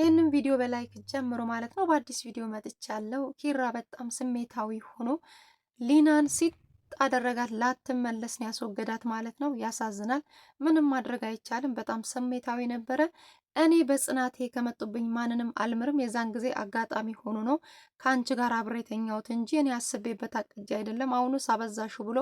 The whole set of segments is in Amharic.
ይህንን ቪዲዮ በላይክ ጀምሮ ማለት ነው። በአዲስ ቪዲዮ መጥቻለሁ። ኪራ በጣም ስሜታዊ ሆኖ ሊናን ሲጥ አደረጋት። ላትመለስ ነው ያስወገዳት ማለት ነው። ያሳዝናል። ምንም ማድረግ አይቻልም። በጣም ስሜታዊ ነበረ። እኔ በጽናቴ ከመጡብኝ ማንንም አልምርም። የዛን ጊዜ አጋጣሚ ሆኖ ነው ከአንቺ ጋር አብሬ የተኛሁት እንጂ እኔ አስቤበት አቅጄ አይደለም። አሁኑስ አበዛሹ ብሎ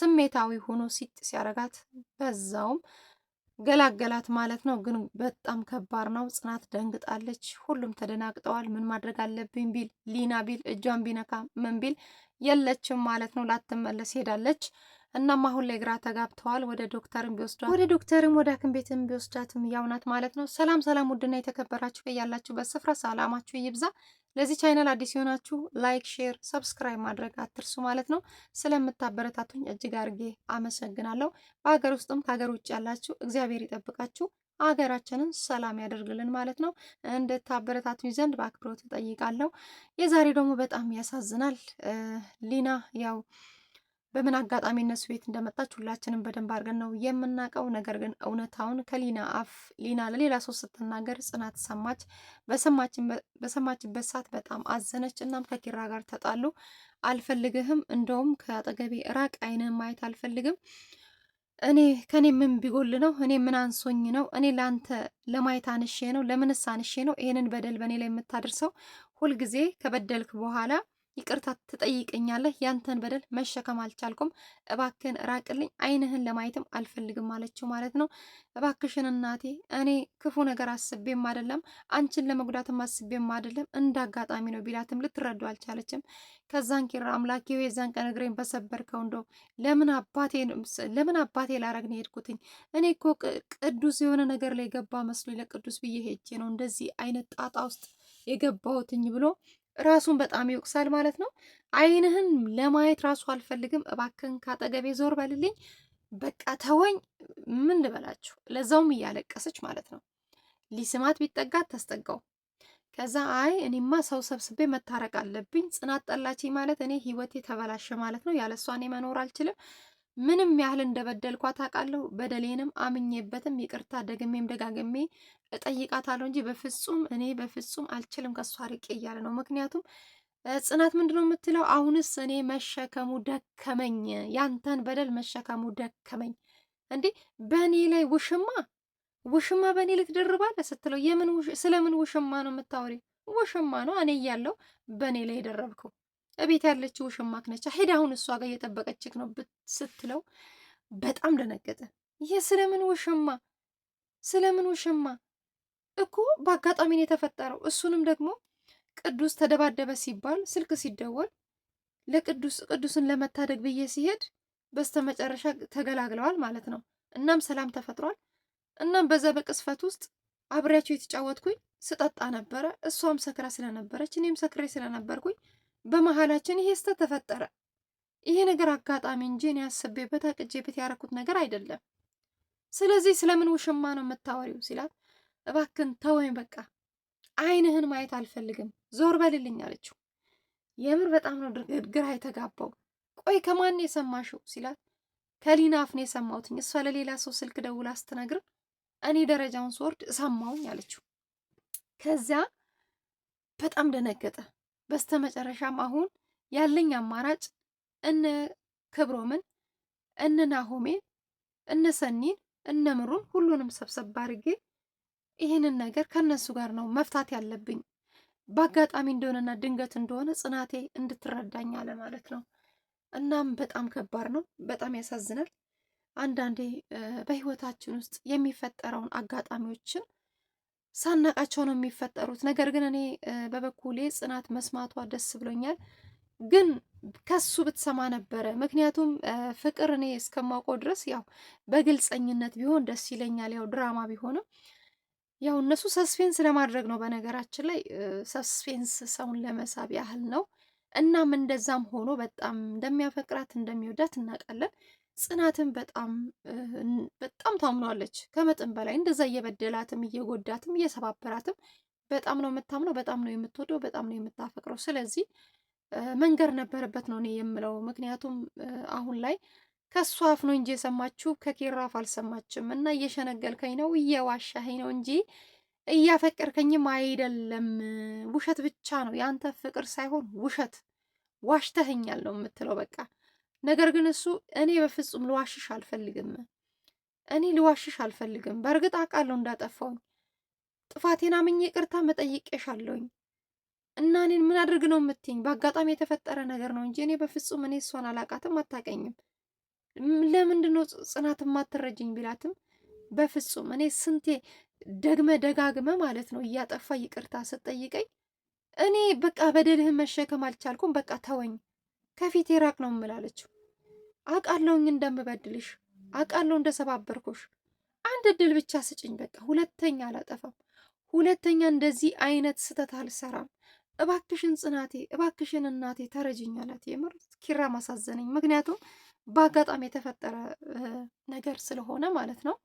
ስሜታዊ ሆኖ ሲጥ ሲያረጋት በዛውም ገላገላት ማለት ነው። ግን በጣም ከባድ ነው። ጽናት ደንግጣለች። ሁሉም ተደናግጠዋል። ምን ማድረግ አለብኝ ቢል ሊና ቢል እጇን ቢነካ ምን ቢል የለችም ማለት ነው። ላትመለስ ሄዳለች። እናም አሁን ላይ ግራ ተጋብተዋል። ወደ ዶክተርም ቢወስዷት ወደ ዶክተርም ወደ ሐኪም ቤትም ቢወስዳትም ያው ናት ማለት ነው። ሰላም ሰላም! ውድና የተከበራችሁ ያላችሁበት ስፍራ ሰላማችሁ ይብዛ። ለዚህ ቻይናል አዲስ የሆናችሁ ላይክ፣ ሼር፣ ሰብስክራይብ ማድረግ አትርሱ ማለት ነው። ስለምታበረታቱኝ እጅግ አድርጌ አመሰግናለሁ። በሀገር ውስጥም ከሀገር ውጭ ያላችሁ እግዚአብሔር ይጠብቃችሁ ሀገራችንን ሰላም ያደርግልን ማለት ነው። እንድታበረታቱኝ ዘንድ በአክብሮት እጠይቃለሁ። የዛሬ ደግሞ በጣም ያሳዝናል። ሊና ያው በምን አጋጣሚ እነሱ ቤት እንደመጣች ሁላችንም በደንብ አድርገን ነው የምናውቀው። ነገር ግን እውነታውን ከሊና አፍ ሊና ለሌላ ሰው ስትናገር ጽናት ሰማች። በሰማችበት ሰዓት በጣም አዘነች። እናም ከኪራ ጋር ተጣሉ። አልፈልግህም፣ እንደውም ከአጠገቤ ራቅ፣ አይንህን ማየት አልፈልግም። እኔ ከኔ ምን ቢጎል ነው? እኔ ምን አንሶኝ ነው? እኔ ለአንተ ለማየት አንሼ ነው? ለምንስ አንሼ ነው ይሄንን በደል በእኔ ላይ የምታደርሰው? ሁልጊዜ ከበደልክ በኋላ ይቅርታ ትጠይቀኛለህ። ያንተን በደል መሸከም አልቻልኩም፣ እባክን ራቅልኝ፣ አይንህን ለማየትም አልፈልግም አለችው ማለት ነው። እባክሽን እናቴ፣ እኔ ክፉ ነገር አስቤም አይደለም፣ አንቺን ለመጉዳትም አስቤም አይደለም፣ እንደ አጋጣሚ ነው ቢላትም ልትረዱ አልቻለችም። ከዛን ኪራ አምላኬ የዛን ቀን እግሬን በሰበርከው እንደው ለምን አባቴ ላረግ ነው የሄድኩትኝ? እኔ እኮ ቅዱስ የሆነ ነገር ላይ ገባ መስሎ ለቅዱስ ብዬ ሄጄ ነው እንደዚህ አይነት ጣጣ ውስጥ የገባሁትኝ ብሎ ራሱን በጣም ይወቅሳል ማለት ነው። አይንህን ለማየት ራሱ አልፈልግም፣ እባክን ካጠገቤ ዞር በልልኝ፣ በቃ ተወኝ፣ ምን ልበላችሁ። ለዛውም እያለቀሰች ማለት ነው። ሊስማት ቢጠጋት ተስጠጋው። ከዛ አይ እኔማ ሰው ሰብስቤ መታረቅ አለብኝ፣ ጽናት ጠላችኝ ማለት እኔ ህይወቴ ተበላሸ ማለት ነው፣ ያለሷ እኔ መኖር አልችልም ምንም ያህል እንደበደልኳት አውቃለሁ። በደሌንም አምኜበትም ይቅርታ ደግሜም ደጋግሜ እጠይቃታለሁ እንጂ በፍጹም እኔ በፍጹም አልችልም ከሷ ርቄ እያለ ነው። ምክንያቱም ጽናት ምንድን ነው የምትለው? አሁንስ እኔ መሸከሙ ደከመኝ፣ ያንተን በደል መሸከሙ ደከመኝ። እንዴ በእኔ ላይ ውሽማ ውሽማ በእኔ ልትደርባለ ስትለው፣ ስለምን ውሽማ ነው የምታወሪ? ውሽማ ነው እኔ እያለው በእኔ ላይ የደረብከው እቤት ያለችው ውሽማክ ነች፣ ሄዳ አሁን እሷ ጋር እየጠበቀችክ ነው ስትለው በጣም ደነገጠ። ይህ ስለምን ውሽማ ስለምን ውሽማ እኮ በአጋጣሚ ነው የተፈጠረው። እሱንም ደግሞ ቅዱስ ተደባደበ ሲባል ስልክ ሲደወል ለቅዱስ ቅዱስን ለመታደግ ብዬ ሲሄድ በስተመጨረሻ ተገላግለዋል ማለት ነው። እናም ሰላም ተፈጥሯል። እናም በዛ በቅስፈት ውስጥ አብሬያቸው የተጫወትኩኝ ስጠጣ ነበረ። እሷም ሰክራ ስለነበረች እኔም ሰክሬ ስለነበርኩኝ በመሀላችን ይሄ ስህተት ተፈጠረ። ይሄ ነገር አጋጣሚ እንጂ እኔ አስቤበት አቅጄበት ያደረኩት ነገር አይደለም። ስለዚህ ስለምን ውሽማ ነው የምታወሪው ሲላት፣ እባክን ተወኝ በቃ አይንህን ማየት አልፈልግም ዞር በልልኝ አለችው። የምር በጣም ነው ግራ የተጋባው። ቆይ ከማን የሰማሽው ሲላት፣ ከሊና አፍኔ የሰማሁትኝ እሷ ለሌላ ሰው ስልክ ደውላ ስትነግር እኔ ደረጃውን ስወርድ እሰማውኝ አለችው። ከዚያ በጣም ደነገጠ። በስተመጨረሻም አሁን ያለኝ አማራጭ እነ ክብሮምን እነ ናሆሜን እነ ሰኒን እነ ምሩን ሁሉንም ሰብሰብ አድርጌ ይህንን ነገር ከነሱ ጋር ነው መፍታት ያለብኝ። በአጋጣሚ እንደሆነና ድንገት እንደሆነ ጽናቴ እንድትረዳኝ አለ ማለት ነው። እናም በጣም ከባድ ነው፣ በጣም ያሳዝናል። አንዳንዴ በህይወታችን ውስጥ የሚፈጠረውን አጋጣሚዎችን ሳናቃቸው ነው የሚፈጠሩት። ነገር ግን እኔ በበኩሌ ጽናት መስማቷ ደስ ብሎኛል። ግን ከሱ ብትሰማ ነበረ። ምክንያቱም ፍቅር እኔ እስከማውቀው ድረስ ያው በግልጸኝነት ቢሆን ደስ ይለኛል። ያው ድራማ ቢሆንም ያው እነሱ ሰስፔንስ ለማድረግ ነው። በነገራችን ላይ ሰስፔንስ ሰውን ለመሳብ ያህል ነው። እናም እንደዛም ሆኖ በጣም እንደሚያፈቅራት እንደሚወዳት እናውቃለን። ጽናትን በጣም በጣም ታምኗለች ከመጠን በላይ እንደዛ እየበደላትም እየጎዳትም እየሰባበራትም በጣም ነው የምታምነው፣ በጣም ነው የምትወደው፣ በጣም ነው የምታፈቅረው። ስለዚህ መንገር ነበረበት ነው እኔ የምለው። ምክንያቱም አሁን ላይ ከእሱ አፍ ነው እንጂ የሰማችው ከኬራ አፍ አልሰማችም። እና እየሸነገልከኝ ነው እየዋሻኸኝ ነው እንጂ እያፈቀርከኝም አይደለም። ውሸት ብቻ ነው የአንተ ፍቅር ሳይሆን ውሸት ዋሽተኸኛል ነው የምትለው በቃ ነገር ግን እሱ እኔ በፍጹም ልዋሽሽ አልፈልግም፣ እኔ ልዋሽሽ አልፈልግም። በእርግጥ አውቃለሁ እንዳጠፋውኝ ጥፋቴን አምኜ ይቅርታ አለውኝ እና እኔን ምን አድርግ ነው የምትይኝ? በአጋጣሚ የተፈጠረ ነገር ነው እንጂ እኔ በፍጹም እኔ እሷን አላቃትም፣ አታቀኝም። ለምንድን ነው ጽናት ማትረጅኝ ቢላትም በፍጹም እኔ ስንቴ ደግመ ደጋግመ ማለት ነው እያጠፋ ይቅርታ ስጠይቀኝ እኔ በቃ በደልህን መሸከም አልቻልኩም፣ በቃ ተወኝ፣ ከፊቴ ራቅ ነው እምላለችው። አውቃለሁኝ እንደምበድልሽ፣ አውቃለሁ እንደሰባበርኩሽ። አንድ እድል ብቻ ስጭኝ በቃ። ሁለተኛ አላጠፋም። ሁለተኛ እንደዚህ አይነት ስህተት አልሰራም። እባክሽን ጽናቴ፣ እባክሽን እናቴ ተረጅኝ አላት። የምር ኪራ ማሳዘነኝ፣ ምክንያቱም በአጋጣሚ የተፈጠረ ነገር ስለሆነ ማለት ነው።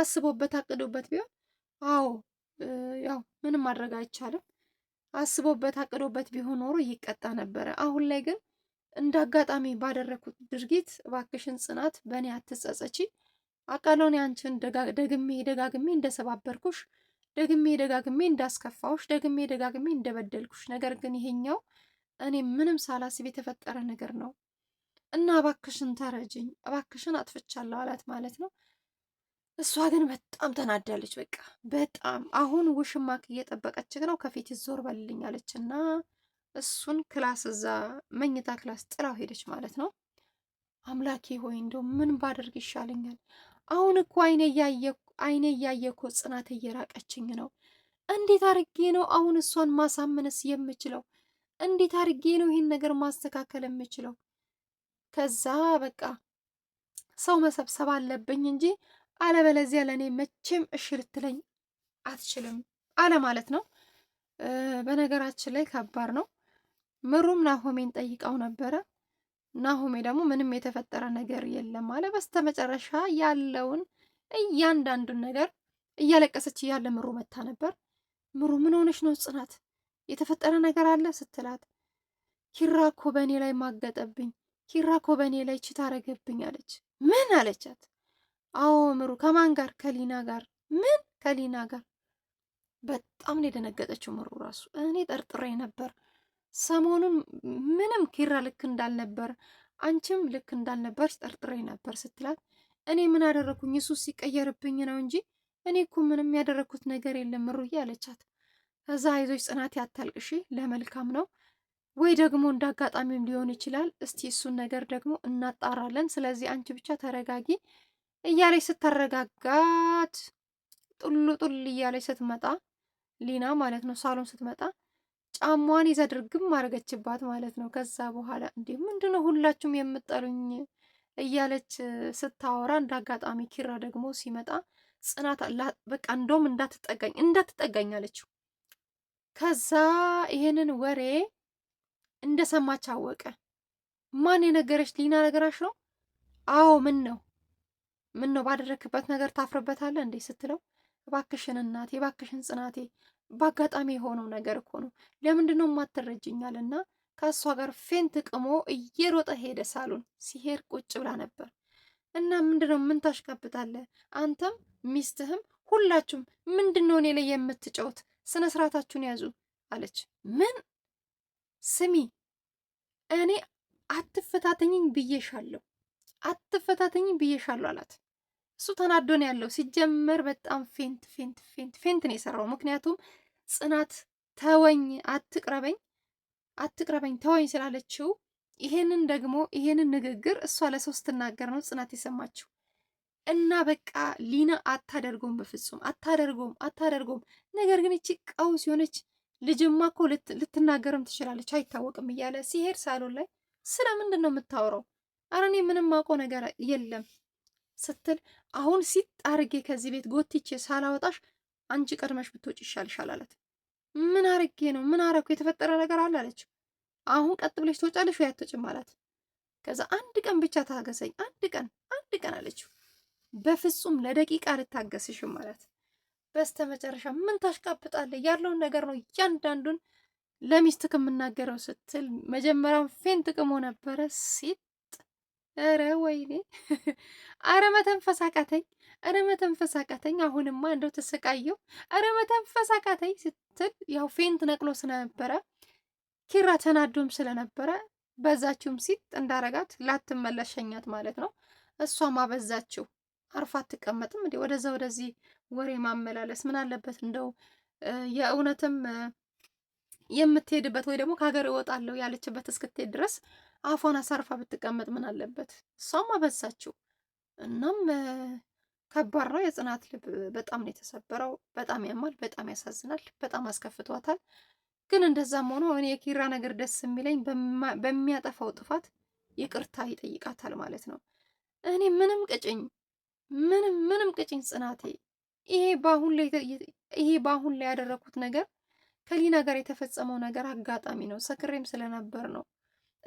አስቦበት አቅዶበት ቢሆን አዎ፣ ያው ምንም ማድረግ አይቻልም። አስቦበት አቅዶበት ቢሆን ኖሮ ይቀጣ ነበረ። አሁን ላይ ግን እንደ አጋጣሚ ባደረግኩት ድርጊት እባክሽን ጽናት በእኔ አትጸጸቺ። አቃለውን አንቺን ደግሜ ደጋግሜ እንደሰባበርኩሽ፣ ደግሜ ደጋግሜ እንዳስከፋውሽ፣ ደግሜ ደጋግሜ እንደበደልኩሽ፣ ነገር ግን ይሄኛው እኔ ምንም ሳላስብ የተፈጠረ ነገር ነው እና እባክሽን ተረጅኝ፣ እባክሽን አጥፍቻለሁ አላት ማለት ነው። እሷ ግን በጣም ተናዳለች። በቃ በጣም አሁን ውሽማክ እየጠበቀች ነው፣ ከፊት ይዞር በልልኝ አለች እና እሱን ክላስ እዛ መኝታ ክላስ ጥላው ሄደች ማለት ነው። አምላኬ ሆይ እንደው ምን ባደርግ ይሻለኛል? አሁን እኮ አይኔ እያየ እኮ ጽናት እየራቀችኝ ነው። እንዴት አርጌ ነው አሁን እሷን ማሳመነስ የምችለው? እንዴት አርጌ ነው ይህን ነገር ማስተካከል የምችለው? ከዛ በቃ ሰው መሰብሰብ አለብኝ እንጂ አለበለዚያ ለእኔ መቼም እሽ ልትለኝ አትችልም አለ ማለት ነው። በነገራችን ላይ ከባድ ነው። ምሩም ናሆሜን ጠይቃው ነበረ። ናሆሜ ደግሞ ምንም የተፈጠረ ነገር የለም አለ። በስተመጨረሻ ያለውን እያንዳንዱን ነገር እያለቀሰች እያለ ምሩ መታ ነበር። ምሩ ምን ሆነች ነው ጽናት፣ የተፈጠረ ነገር አለ ስትላት ኪራ እኮ በእኔ ላይ ማገጠብኝ፣ ኪራ እኮ በእኔ ላይ ችት አረገብኝ አለች። ምን አለቻት? አዎ ምሩ፣ ከማን ጋር? ከሊና ጋር። ምን ከሊና ጋር? በጣም ነው የደነገጠችው ምሩ ራሱ። እኔ ጠርጥሬ ነበር ሰሞኑን ምንም ኪራ ልክ እንዳልነበር አንቺም ልክ እንዳልነበር ጠርጥሬ ነበር ስትላት፣ እኔ ምን አደረግኩኝ? እሱ ሲቀየርብኝ ነው እንጂ እኔ እኮ ምንም ያደረግኩት ነገር የለም ሩዬ አለቻት። ከዛ አይዞች ጽናት ያታልቅሺ ለመልካም ነው ወይ ደግሞ እንደ አጋጣሚም ሊሆን ይችላል። እስቲ እሱን ነገር ደግሞ እናጣራለን። ስለዚህ አንቺ ብቻ ተረጋጊ እያለች ስታረጋጋት፣ ጡሉ ጡል እያለች ስትመጣ ሊና ማለት ነው ሳሎን ስትመጣ ጫሟን ይዛ ድርግም አድርገችባት ማለት ነው። ከዛ በኋላ እንዴ ምንድነው ሁላችሁም የምጠሉኝ እያለች ስታወራ እንደ አጋጣሚ ኪራ ደግሞ ሲመጣ ጽናት በቃ እንደውም እንዳትጠጋኝ እንዳትጠጋኝ አለችው። ከዛ ይሄንን ወሬ እንደሰማች አወቀ። ማን የነገረች ሊና ነገራች ነው? አዎ ምን ነው ምን ነው ባደረክበት ነገር ታፍርበታለህ እንዴ ስትለው እባክሽን እናቴ እባክሽን ጽናቴ በአጋጣሚ የሆነው ነገር እኮ ነው። ለምንድን ነው የማትረጅኛል? ከእሷ ጋር ፌንት ቅሞ እየሮጠ ሄደ። ሳሎን ሲሄድ ቁጭ ብላ ነበር እና ምንድነው ምን ታሽቀብጣለህ? አንተም ሚስትህም ሁላችሁም ምንድነው እኔ ላይ የምትጨውት? ስነ ስርዓታችሁን ያዙ አለች። ምን ስሚ፣ እኔ አትፈታተኝኝ ብዬሻለሁ፣ አትፈታተኝኝ ብዬሻለሁ አላት። እሱ ተናዶን ያለው። ሲጀመር በጣም ፌንት ፌንት ፌንት ፌንት ነው የሰራው ምክንያቱም ጽናት ተወኝ፣ አትቅረበኝ፣ አትቅረበኝ፣ ተወኝ ስላለችው ይሄንን ደግሞ ይሄንን ንግግር እሷ ለሰው ስትናገር ነው ጽናት የሰማችው። እና በቃ ሊና አታደርጎም፣ በፍጹም አታደርጎም፣ አታደርጎም። ነገር ግን እቺ ቀውስ የሆነች ልጅማ እኮ ልትናገርም ትችላለች አይታወቅም እያለ ሲሄድ ሳሎን ላይ ስለ ምንድን ነው የምታወራው? ኧረ እኔ ምንም አውቀው ነገር የለም ስትል አሁን ሲጥ ከዚህ ቤት ጎትቼ ሳላወጣሽ አንቺ ቀድመሽ ብትወጪ ይሻልሻል አላት። ምን አርጌ ነው? ምን አረኩ? የተፈጠረ ነገር አለ አለችው። አሁን ቀጥ ብለሽ ትወጫለሽ ወይ አትወጭም አላት። ከዛ አንድ ቀን ብቻ ታገሰኝ፣ አንድ ቀን አንድ ቀን አለችው። በፍጹም ለደቂቃ ልታገስሽም አላት። በስተ መጨረሻ ምን ታሽቃብጣለህ? ያለውን ነገር ነው እያንዳንዱን ለሚስትክ የምናገረው ስትል መጀመሪያውን ፌን ጥቅሞ ነበረ ሲል ረ ወይኔ! አረ መተንፈስ አቃተኝ! ኧረ መተንፈስ አቃተኝ! አሁንማ እንደው ተሰቃየው! ኧረ መተንፈስ አቃተኝ ስትል ያው ፌንት ነቅሎ ስለነበረ ኪራ ተናዶም ስለነበረ በዛችውም ሲጥ እንዳረጋት ላትመለሸኛት ማለት ነው። እሷም አበዛችው። አርፋ አትቀመጥም እንዴ? ወደዛ ወደዚህ ወሬ ማመላለስ ምን አለበት? እንደው የእውነትም የምትሄድበት ወይ ደግሞ ከሀገር እወጣለሁ ያለችበት እስክትሄድ ድረስ አፏን አሳርፋ ብትቀመጥ ምን አለበት? እሷም አበዛችው። እናም ከባድ ነው። የጽናት ልብ በጣም ነው የተሰበረው። በጣም ያማል፣ በጣም ያሳዝናል፣ በጣም አስከፍቷታል። ግን እንደዛም ሆኖ እኔ የኪራ ነገር ደስ የሚለኝ በሚያጠፋው ጥፋት ይቅርታ ይጠይቃታል ማለት ነው። እኔ ምንም ቅጭኝ፣ ምንም ምንም ቅጭኝ ጽናቴ፣ ይሄ በአሁን ላይ ይሄ በአሁን ላይ ያደረኩት ነገር ከሊና ጋር የተፈጸመው ነገር አጋጣሚ ነው፣ ሰክሬም ስለነበር ነው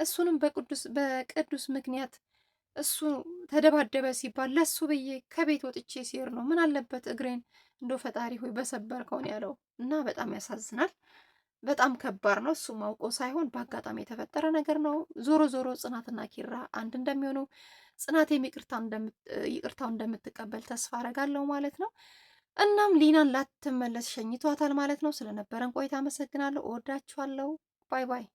እሱንም በቅዱስ በቅዱስ ምክንያት እሱ ተደባደበ ሲባል ለሱ ብዬ ከቤት ወጥቼ ሲሄድ ነው። ምን አለበት እግሬን እንደ ፈጣሪ ሆይ በሰበርከውን ያለው እና በጣም ያሳዝናል። በጣም ከባድ ነው። እሱም አውቆ ሳይሆን በአጋጣሚ የተፈጠረ ነገር ነው። ዞሮ ዞሮ ጽናትና ኪራ አንድ እንደሚሆኑ ጽናቴም ይቅርታው እንደምትቀበል ተስፋ አረጋለሁ ማለት ነው። እናም ሊናን ላትመለስ ሸኝቷታል ማለት ነው። ስለነበረን ቆይታ አመሰግናለሁ። እወዳችኋለሁ። ባይ ባይ